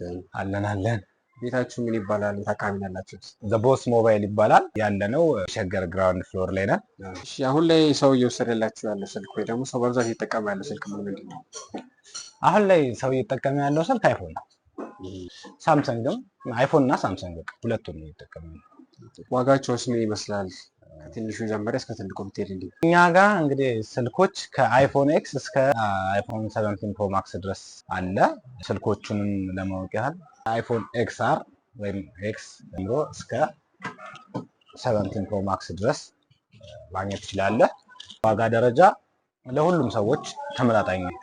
ይመስገን። አለን አለን። ቤታችሁ ምን ይባላል? የት ያላችሁት? ዘቦስ ሞባይል ይባላል። ያለነው ሸገር ግራውንድ ፍሎር ላይ ነን። አሁን ላይ ሰው እየወሰደላችሁ ያለው ስልክ ወይ ደግሞ ሰው በብዛት እየጠቀመ ያለው ስልክ ምን ምንድን ነው? አሁን ላይ ሰው እየጠቀመ ያለው ስልክ አይፎን ነው። ሳምሰንግም አይፎን እና ሳምሰንግ ሁለቱን ነው እየጠቀመ። ዋጋቸውስ ምን ይመስላል? ከትንሹ ጀምረ እስከ ትልቁ ብትሄድ እንዲ እኛ ጋ እንግዲህ ስልኮች ከአይፎን ኤክስ እስከ አይፎን ሰቨንቲን ፕሮ ማክስ ድረስ አለ። ስልኮቹንም ለማወቅ ያህል አይፎን ኤክስ አር ወይም ኤክስ ጀምሮ እስከ ሰቨንቲን ፕሮ ማክስ ድረስ ማግኘት ትችላለህ። ዋጋ ደረጃ ለሁሉም ሰዎች ተመጣጣኝ ነው።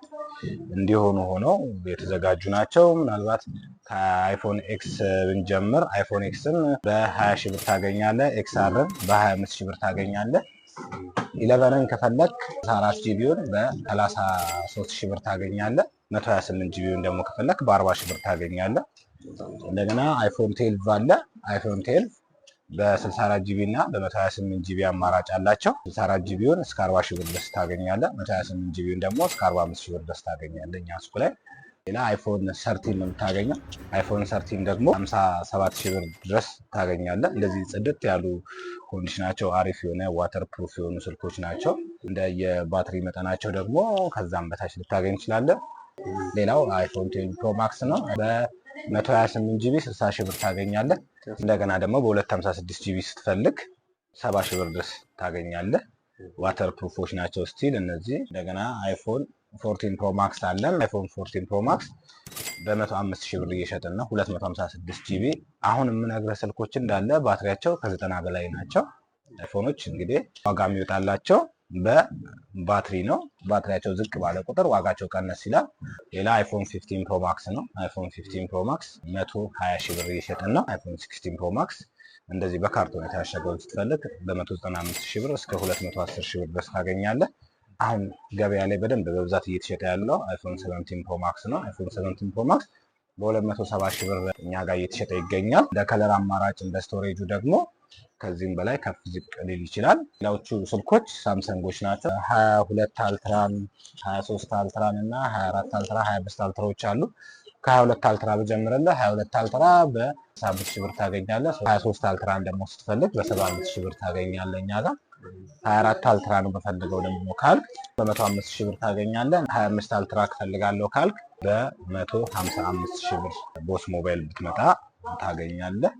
እንዲሆኑ ሆነው የተዘጋጁ ናቸው። ምናልባት ከአይፎን ኤክስ ብንጀምር አይፎን ኤክስን በ20 ሺ ብር ታገኛለ ኤክስ አርን በ25 ሺ ብር ታገኛለህ። ኢለቨንን ከፈለክ 4 ጂቢውን በ33 ሺ ብር ታገኛለ 128 ጂቢውን ደግሞ ከፈለክ በ40 ሺ ብር ታገኛለ። እንደገና አይፎን ቴልቭ አለ። አይፎን ቴልቭ በ64 ጂቢ እና በ128 ጂቢ አማራጭ አላቸው። 64 ጂቢውን እስከ 40 ሺህ ብር ድረስ ታገኛለህ። 128 ጂቢውን ደግሞ እስከ 45 ሺህ ብር ድረስ ታገኛለህ እኛ ሱቁ ላይ። ሌላ አይፎን ሰርቲን ነው የምታገኘው። አይፎን ሰርቲን ደግሞ 57 ሺህ ብር ድረስ ታገኛለህ። እንደዚህ ጽድት ያሉ ኮንዲሽናቸው አሪፍ የሆነ ዋተር ፕሩፍ የሆኑ ስልኮች ናቸው። እንደ የባትሪ መጠናቸው ደግሞ ከዛም በታች ልታገኝ ትችላለህ። ሌላው አይፎን ቴን ፕሮ ማክስ ነው። 128 ጂቢ 60 ሺህ ብር ታገኛለህ። እንደገና ደግሞ በ256 ጂቢ ስትፈልግ 70 ሺህ ብር ድረስ ታገኛለህ። ዋተር ፕሩፎች ናቸው ስቲል እነዚህ። እንደገና አይፎን ፎርቲን ፕሮ ማክስ አለን። አይፎን ፎርቲን ፕሮ ማክስ በመቶ አምስት ሺህ ብር እየሸጥን ነው። 256 ጂቢ አሁን የምነግረህ ስልኮች እንዳለ ባትሪያቸው ከዘጠና በላይ ናቸው። አይፎኖች እንግዲህ ዋጋ የሚወጣላቸው በባትሪ ነው። ባትሪያቸው ዝቅ ባለ ቁጥር ዋጋቸው ቀነስ ይላል። ሌላ አይፎን 15 ፕሮ ማክስ ነው። አይፎን 15 ፕሮ ማክስ 120 ሺህ ብር ይሸጥና አይፎን 16 ፕሮ ማክስ እንደዚህ በካርቶን የታሸገውን ስትፈልግ በ195 ሺህ ብር እስከ 210 ሺህ ብር ድረስ ታገኛለህ። አሁን ገበያ ላይ በደንብ በብዛት እየተሸጠ ያለው አይፎን 17 ፕሮ ማክስ ነው። አይፎን 17 ፕሮ ማክስ በ270 ሺህ ብር እኛ ጋር እየተሸጠ ይገኛል። እንደ ከለር አማራጭ እንደ ስቶሬጁ ደግሞ ከዚህም በላይ ከፍ ዝቅ ሊል ይችላል። ሌላዎቹ ስልኮች ሳምሰንጎች ናቸው። ሀያ ሁለት አልትራን፣ ሀያ ሶስት አልትራን እና ሀያ አራት አልትራ፣ ሀያ አምስት አልትራዎች አሉ። ከሀያ ሁለት አልትራ ብጀምርልህ ሀያ ሁለት አልትራ በአስራ አምስት ሺህ ብር ታገኛለህ። ሀያ ሶስት አልትራን ደግሞ ስትፈልግ በሰባ አምስት ሺህ ብር ታገኛለህ እኛ ጋር። ሀያ አራት አልትራ ነው በፈልገው ደግሞ ካልክ በመቶ አምስት ሺህ ብር ታገኛለህ። ሀያ አምስት አልትራ እፈልጋለሁ ካልክ በመቶ ሀምሳ አምስት ሺህ ብር ቦስ ሞባይል ብትመጣ ታገኛለህ።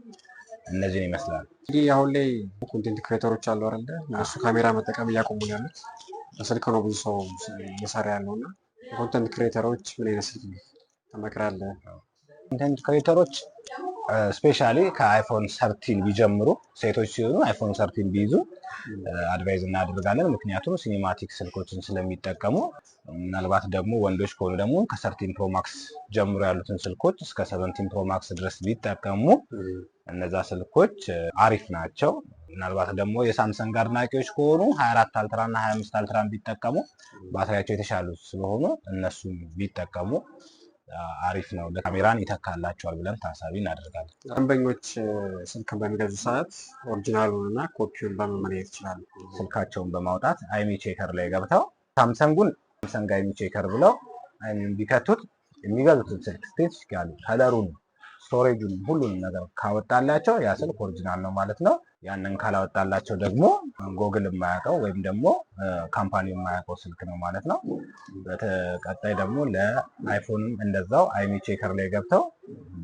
እነዚህን ይመስላል። እንግዲህ አሁን ላይ ኮንቴንት ክሬተሮች አሉ አይደለ? እነሱ ካሜራ መጠቀም እያቆሙ ያሉት። በስልክ ነው ብዙ ሰው እየሰራ ያለው እና ኮንቴንት ክሬተሮች ምን አይነት ስልክ ትመክራለህ? ኮንቴንት ክሬተሮች ስፔሻሊ ከአይፎን ሰርቲን ቢጀምሩ ሴቶች ሲሆኑ አይፎን ሰርቲን ቢይዙ አድቫይዝ እናደርጋለን። ምክንያቱም ሲኒማቲክ ስልኮችን ስለሚጠቀሙ ምናልባት ደግሞ ወንዶች ከሆኑ ደግሞ ከሰርቲን ፕሮማክስ ጀምሮ ያሉትን ስልኮች እስከ ሰቨንቲን ፕሮማክስ ድረስ ቢጠቀሙ እነዛ ስልኮች አሪፍ ናቸው። ምናልባት ደግሞ የሳምሰንግ አድናቂዎች ከሆኑ ሀያ አራት አልትራና ሀያ አምስት አልትራን ቢጠቀሙ ባትሪያቸው የተሻሉ ስለሆኑ እነሱም ቢጠቀሙ አሪፍ ነው። ለካሜራን ይተካላቸዋል ብለን ታሳቢ እናደርጋለን። ደንበኞች ስልክ በሚገዙ ሰዓት ኦሪጂናሉን እና ኮፒውን በመመለየት ይችላሉ። ስልካቸውን በማውጣት አይሚ ቼከር ላይ ገብተው ሳምሰንጉን ሳምሰንግ አይሚ ቼከር ብለው አይሚን ቢከቱት የሚገዙትን ስልክ ስቴት ይችላሉ። ከለሩን ስቶሬጁን ሁሉንም ነገር ካወጣላቸው ያ ስልክ ኦሪጂናል ነው ማለት ነው። ያንን ካላወጣላቸው ደግሞ ጎግል የማያውቀው ወይም ደግሞ ካምፓኒ የማያውቀው ስልክ ነው ማለት ነው። በተቀጣይ ደግሞ ለአይፎንም እንደዛው አይሚ ቼከር ላይ ገብተው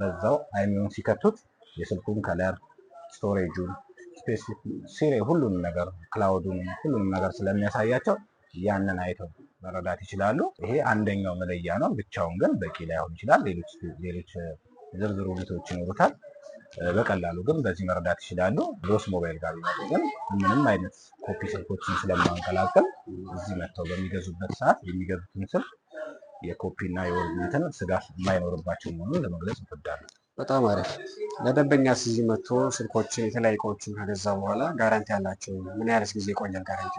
በዛው አይሚውን ሲከቱት የስልኩን ከለር፣ ስቶሬጁን፣ ሲሬ ሁሉንም ነገር ክላውዱን፣ ሁሉንም ነገር ስለሚያሳያቸው ያንን አይተው መረዳት ይችላሉ። ይሄ አንደኛው መለያ ነው። ብቻውን ግን በቂ ላይሆን ይችላል። ሌሎች ዝርዝር ሁኔታዎች ይኖሩታል። በቀላሉ ግን በዚህ መረዳት ይችላሉ። ግሮስ ሞባይል ጋር ግን ምንም አይነት ኮፒ ስልኮችን ስለማንቀላቅል እዚህ መጥተው በሚገዙበት ሰዓት የሚገዙትን ስልክ የኮፒና የወርጅነትን ስጋት የማይኖርባቸው መሆኑን ለመግለጽ እንወዳለን። በጣም አሪፍ። ለደንበኛ እዚህ መጥቶ ስልኮችን የተለያዩ እቃዎችን ከገዛ በኋላ ጋራንቲ ያላቸው ምን ያህል ጊዜ ይቆያል? ጋራንቲ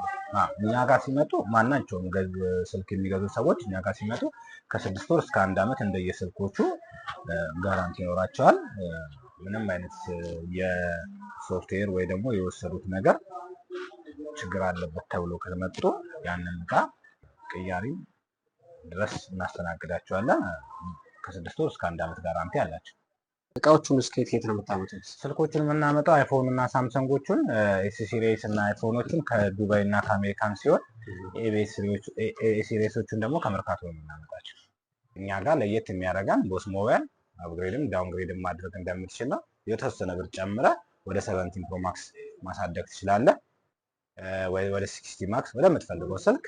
እኛ ጋር ሲመጡ ማናቸውም ስልክ የሚገዙ ሰዎች እኛ ጋር ሲመጡ ከስድስት ወር እስከ አንድ አመት እንደየስልኮቹ ጋራንቲ ይኖራቸዋል። ምንም አይነት የሶፍትዌር ወይ ደግሞ የወሰዱት ነገር ችግር አለበት ተብሎ ከመጡ ያንን እቃ ቅያሪ ድረስ እናስተናግዳቸዋለን። ከስድስት ወር እስከ አንድ አመት ጋራንቲ አላቸው። እቃዎቹን እስከ የት ነው የምታመጡት? ስልኮቹን የምናመጣው አይፎን እና ሳምሰንጎቹን ኤሲሲሬስ እና አይፎኖቹን ከዱባይ እና ከአሜሪካን ሲሆን ኤሲሬሶቹን ደግሞ ከመርካቶ ነው የምናመጣቸው። እኛ ጋር ለየት የሚያደርገን ቦስ ሞባይል አፕግሬድም ዳውንግሬድም ማድረግ እንደምትችል ነው። የተወሰነ ብር ጨምረ ወደ ሰቨንቲን ፕሮ ማክስ ማሳደግ ትችላለ ወደ ሲክስቲ ማክስ ወደምትፈልገው ስልክ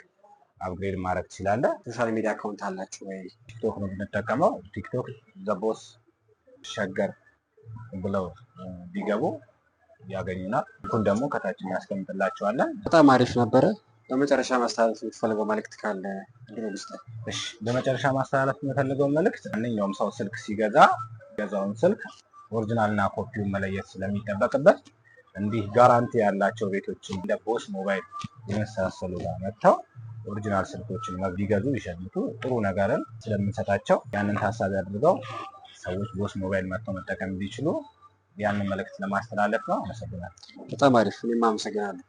አፕግሬድ ማድረግ ትችላለ ሶሻል ሚዲያ አካውንት አላችሁ ወይ? ቲክቶክ ነው የምንጠቀመው። ቲክቶክ ዘቦስ ሸገር ብለው ቢገቡ ያገኙናል። እኩል ደግሞ ከታች እናስቀምጥላቸዋለን። በጣም አሪፍ ነበረ። በመጨረሻ ማስተላለፍ የምትፈልገው መልእክት ካለ ግስ በመጨረሻ ማስተላለፍ የምፈልገው መልእክት ማንኛውም ሰው ስልክ ሲገዛ ገዛውን ስልክ ኦሪጂናልና ኮፒውን መለየት ስለሚጠበቅበት እንዲህ ጋራንቲ ያላቸው ቤቶችን እንደ ቦስ ሞባይል የመሳሰሉ ጋር መጥተው ኦሪጂናል ስልኮችን ቢገዙ ይሸምቱ። ጥሩ ነገርን ስለምንሰጣቸው ያንን ታሳቢ አድርገው ሰዎች ቦስ ሞባይል መጥተው መጠቀም እንዲችሉ ያንን መልእክት ለማስተላለፍ ነው። አመሰግናለሁ። በጣም አሪፍ። እኔም አመሰግናለሁ።